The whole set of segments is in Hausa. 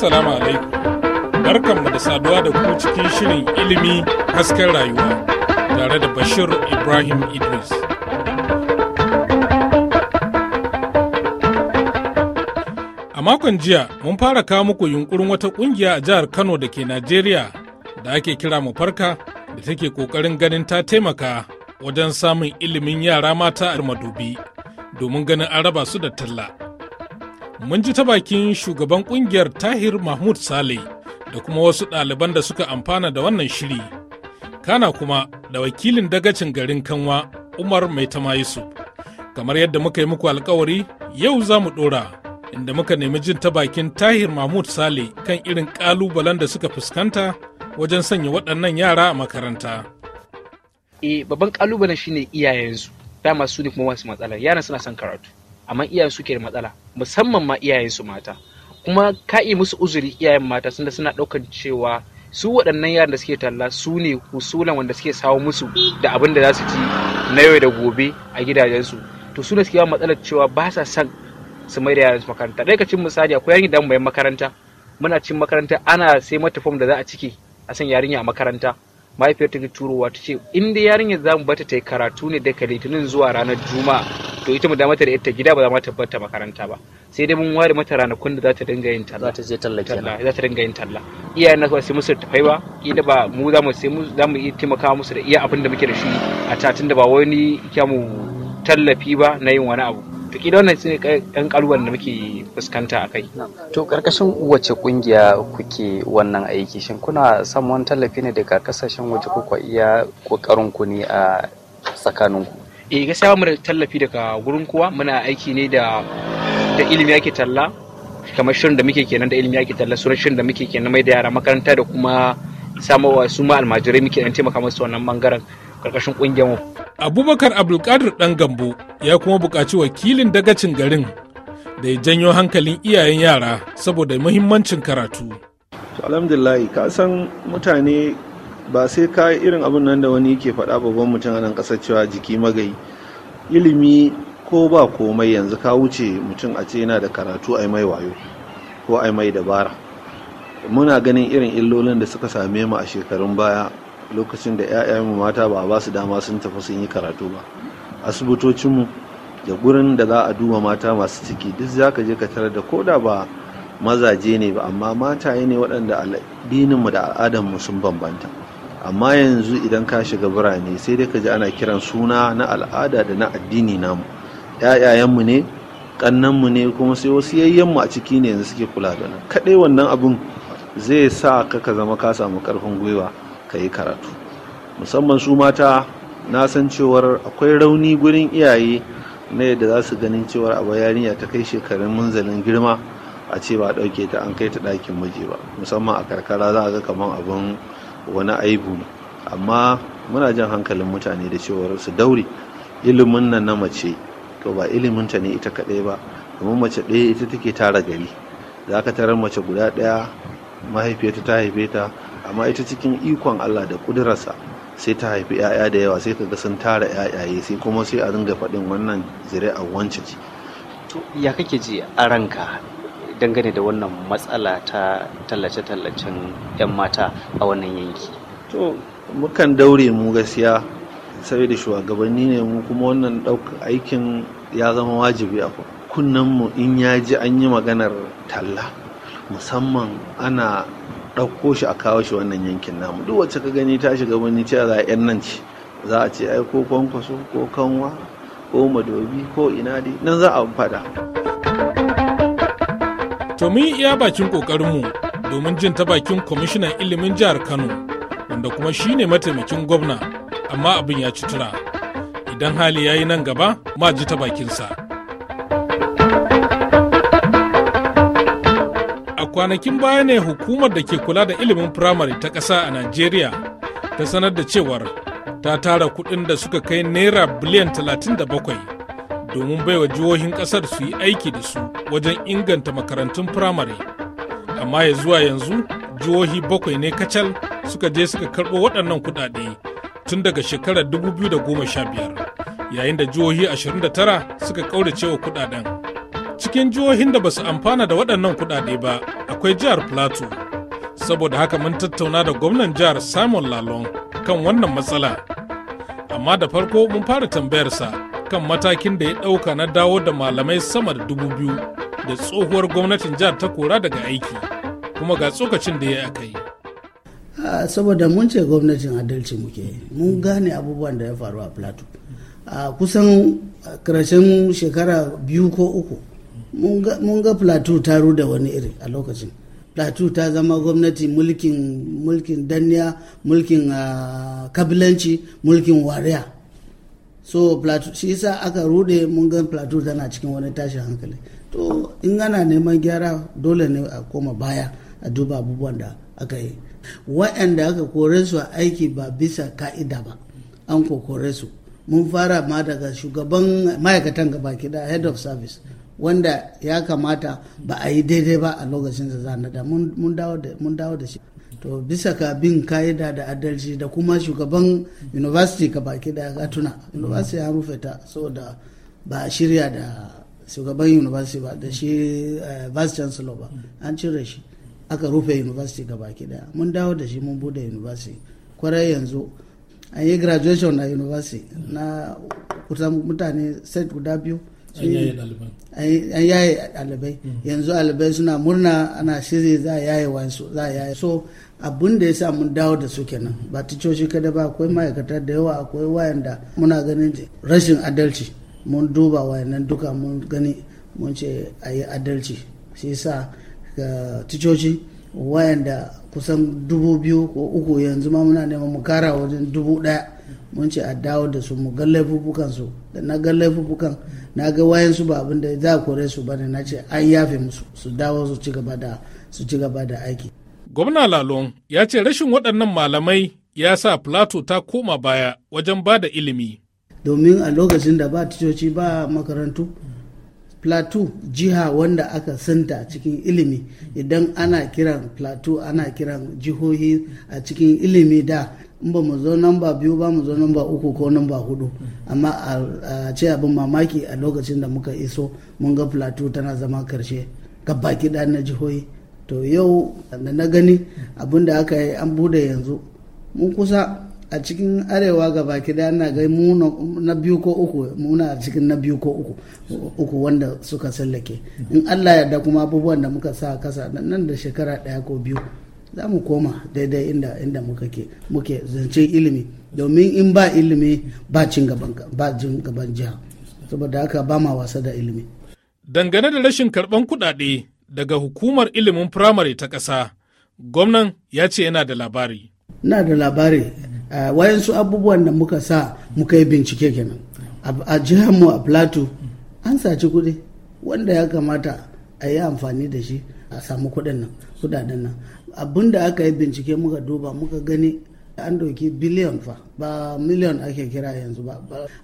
Assalamu alaikum. mu da saduwa da ku cikin shirin ilimi hasken rayuwa tare da Bashir Ibrahim Idris. A makon jiya mun fara kawo muku yunkurin wata kungiya a jihar Kano da ke Najeriya da ake kira mu farka da take ƙoƙarin ganin ta taimaka wajen samun ilimin yara mata a madubi domin ganin an raba su da talla. mun ji ta bakin shugaban kungiyar tahir mahmud saleh da kuma wasu ɗaliban da suka amfana da wannan shiri kana kuma da wakilin dagacin garin kanwa umar mai tamayisu kamar yadda muka yi muku alkawari yau za mu ɗora inda muka nemi jin ta bakin tahir mahmud saleh kan irin ƙalubalen da suka fuskanta wajen sanya waɗannan yara a makaranta e babban ƙalubalen shine iyayensu dama su ne kuma masu matsalar yaran suna son karatu amma iyayen suke da matsala musamman ma iyayen su mata kuma ka yi musu uzuri iyayen mata da suna daukan cewa su waɗannan yaran da suke talla su ne husulan wanda suke sawo musu da abin da za su ci na yau da gobe a gidajensu to su ne suke yawan matsalar cewa ba sa son su mai da yaran su makaranta ka cin misali akwai yarinya da mu bayan makaranta muna cin makaranta ana sai mata fom da za a ciki a san yarinya a makaranta mahaifiyar ta turowa ta ce in dai yarinya za mu bata ta yi karatu ne daga litinin zuwa ranar juma'a to ita mu da mata da ita gida ba za ma tabbata makaranta ba sai dai mun ware mata ranakun da za ta dinga yin talla za ta je talla kenan za ta dinga yin talla iyayen na sai musu tafai ba kila ba mu za mu sai mu za mu taimaka musu da iya abin da muke da shi a tatin da ba wani mu tallafi ba na yin wani abu kila wannan su ɗan kalubalen da muke fuskanta a kai. To karkashin wace kungiya kuke wannan aiki shin kuna samun tallafi ne daga kasashen waje ko kwa iya kokarin ku ne a tsakaninku? eh gaskiya mu da tallafi daga gurin kowa muna aiki ne da da ilimi yake talla kamar shirin da muke kenan da ilimi yake talla sunan shirin da muke kenan mai da yara makaranta da kuma samarwa su ma almajirai muke dan taimaka musu wannan bangaren karkashin kungiyar mu Abubakar Abdulkadir dan Gambo ya kuma buƙaci wakilin dagacin garin da ya janyo hankalin iyayen yara saboda muhimmancin karatu. Alhamdulillah ka san mutane ba sai ka yi irin abin nan da wani yake faɗa babban mutum a nan ƙasar cewa jiki magai, ilimi ko ba komai yanzu ka wuce mutum a ce yana da karatu a mai wayo ko a mai dabara muna ganin irin illolin da suka same mu a shekarun baya lokacin da 'ya'yanmu mata ba basu ba su dama sun tafi sun yi karatu ba asibitocinmu da gurin da za a duba mata masu ciki duk za ka je ka tarar da koda ba mazaje ne ba amma mataye ne waɗanda mu da al'adarmu sun bambanta amma yanzu idan ka shiga birane sai dai ka ji ana kiran suna na al'ada da na addini namu ƴaƴayenmu ne ƙannanmu ne kuma sai wasu yayyenmu a ciki ne yanzu suke kula da nan kaɗai wannan abin zai sa ka ka zama ka samu ƙarfin gwiwa ka yi karatu musamman su mata na san cewar akwai rauni gurin iyaye na yadda za su ganin cewar a yarinya ta kai shekarun munzalin girma a ce ba ɗauke ta an kai ta ɗakin miji ba musamman a karkara za a ga kamar abin wani aibu ne amma muna jan hankalin mutane da cewar su daure ilimin nan na mace to ba iliminta ne ita kaɗai ba domin mace ɗaya ita take tara gari za ka tarar mace guda ɗaya mahaifiyata ta haife ta amma ita cikin ikon Allah da ƙudurarsa sai ta haifi 'ya'ya da yawa sai ga sun tara 'ya'yaye sai kuma sai a ringa faɗin wannan zire a wancan ce ya kake ji a ranka dangane da wannan matsala ta tallace-tallacen 'yan mata a wannan yanki to mukan daure mu gaskiya saboda shugabanni ne mu kuma wannan ɗaukar aikin ya zama wajibi a Kunnanmu in ya ji an yi maganar talla musamman ana ɗauko shi a kawo shi wannan yankin namu duk wacce ka gani ta shiga wani ce za a yan nan ce za a ce ai ko kwankwaso ko kanwa ko madobi ko ina dai nan za a fada. To mun iya bakin ƙoƙarinmu domin jin ta bakin kwamishinan ilimin jihar Kano wanda kuma shi ne mataimakin gwamna amma abin ya ci tura. Idan hali ya yi nan gaba ma ji ta bakinsa. A kwanakin baya ne hukumar da ke kula da ilimin firamare ta ƙasa a Najeriya ta sanar da cewar ta tara kuɗin da suka kai naira biliyan 37 domin baiwa jihohin kasar su yi aiki da su wajen inganta makarantun firamare amma ya zuwa yanzu jihohi bakwai ne kacal suka je suka karɓo waɗannan kuɗaɗe tun daga shekarar 2015 yayin da jihohi 29 suka ƙaurace wa kuɗaɗen cikin jihohin da ba su amfana da waɗannan kuɗaɗe ba akwai jihar plateau saboda haka mun tattauna da gwamnan jihar simon lalong kan wannan matsala amma da farko mun fara tambayarsa kan matakin da ya ɗauka na dawo da malamai sama da dubu biyu da tsohuwar gwamnatin jihar ta kora daga aiki kuma ga tsokacin da ya yi aka yi. Ah, saboda mun ce gwamnatin adalci muke mun gane abubuwan da ya faru a plateau a ah, kusan karshen shekara biyu ko uku mun ga plateau ta ruda wani iri a lokacin plateau ta zama gwamnati mulkin mulkin danniya mulkin ah, kabilanci mulkin wariya so plateau shi yasa aka rude mun gan plateau tana cikin wani tashin hankali to in ana neman gyara dole ne a koma baya a duba abubuwan da aka yi waɗanda aka kore su a aiki ba bisa ka'ida ba an kokore su mun fara ma daga shugaban ma'aikatan gaba da head of service wanda ya kamata ba a yi daidai ba a lokacin da za a nada mun dawo da shi to bisa ka bin ka'ida da adalci da kuma shugaban university ka baki da ka tuna university ya rufe ta saboda ba a shirya da shugaban university ba da shi eh, vice chancellor ba an cire shi aka rufe university ga baki daya mun dawo da shi mun bude university kwarai yanzu an yi graduation na university na kusa mutane set guda biyu an yaye ɗalibai mm. yanzu ɗalibai suna murna ana shiri za a yaye wansu za a yaye so abun da ya sa mun dawo da su kenan ba ticoci kada ba akwai ma'aikata da yawa akwai wayanda muna ganin rashin adalci mun duba wayannan duka mun gani mun ce a yi adalci shi sa ga ticoci wayanda kusan dubu biyu ko uku yanzu ma muna neman mu kara wajen dubu daya mun ce a dawo da su mu ga laifukan su da na ga laifukan na ga wayan su ba abin da za a kore su ba ne na ce an yafe musu su dawo su ci gaba su ci gaba da aiki Gwamna Lalon ya ce rashin waɗannan malamai ya sa Plato ta koma baya wajen ba da ilimi. Domin a lokacin da ba ticoci ba makarantu, Plateau jiha wanda aka santa a cikin ilimi idan ana kiran Plateau ana kiran jihohi a cikin ilimi da ba mu zo namba biyu ba mu zo namba uku ko namba hudu amma a ce abin mamaki a lokacin da muka iso mun ga Plateau tana zama karshe ga gabaki na jihohi. to yau da na gani abin da aka yi an bude yanzu mun kusa a cikin arewa gaba kida na ga mu na biyu ko uku muna a cikin na biyu ko uku wanda suka sallake in allah ya da kuma abubuwan da muka sa kasa nan da shekara daya ko biyu za mu koma daidai inda inda muka ke muke zance ilimi domin in ba ilimi ba cin gaban ba jiha saboda haka ba ma wasa da ilimi dangane da rashin karban kuɗaɗe daga hukumar ilimin firamare ta ƙasa gwamnan ya ce yana da labari na da labari eh, wayansu abubuwan da muka sa muka yi bincike kenan a jihar mu a plateau an saci kuɗi wanda ya kamata a yi amfani da shi a samu kuɗin nan kuɗaɗen nan abin da aka yi bincike muka duba muka gani an ɗauki biliyon fa ba miliyon ake kira yanzu ba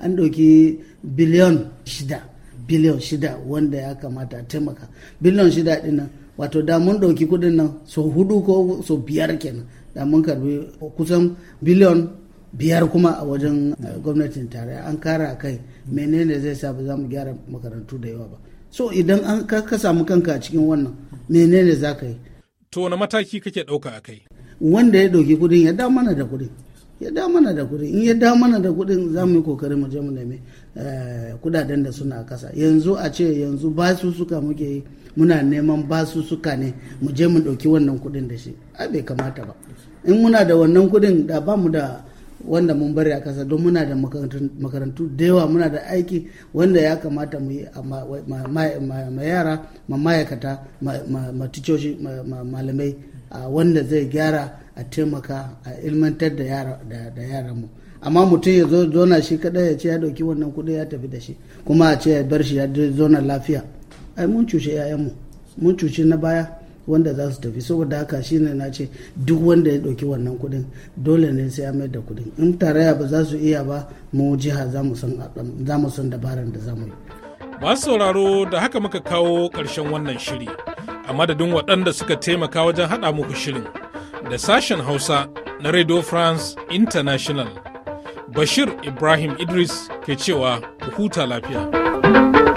an ɗauki biliyon shida biliyan shida wanda ya kamata a taimaka biliyon shida din nan wato da mun ɗauki kuɗin nan so hudu ko so biyar kenan da mun karbi kusan biliyan biyar kuma a wajen eh, gwamnatin tarayya an kara kai menene zai sa ba za mu gyara makarantu da yawa ba so idan an ka samu kanka a cikin wannan menene za ka yi to wani mataki kake ɗauka a kai wanda ya ɗauki kudin ya da mana da kudin. ya da mana da kuɗi in ya da mana da kuɗin za mu yi kokarin mu je mu nemi eh, kudaden da suna a kasa yanzu a ce yanzu basu suka muke yi muna neman basu suka ne mu je mu ɗauki wannan kuɗin da shi a bai kamata ba in muna da wannan kudin da ba mu da wanda mun bari a kasa don muna da makarantu da yawa muna da aiki wanda ya kamata mu yi ma yara ma ma'aikata ma ma malamai ah, wanda zai gyara a taimaka a ilmantar da da mu amma mutum ya zona shi kadai ya ce ya dauki wannan kuɗi ya tafi da shi kuma a ce ya bar shi ya zona lafiya ai mun cuce 'ya'yanmu mun cuce na baya wanda za su tafi saboda haka shine na ce duk wanda ya dauki wannan kuɗin dole ne sai ya mai da kudin in tarayya ba za su iya ba mu jiha za mu san dabaran da za mu yi ba sauraro da haka muka kawo karshen wannan shiri a madadin waɗanda suka taimaka wajen haɗa muku shirin da sashen Hausa na Radio France International. Bashir Ibrahim Idris ke cewa ku huta lafiya.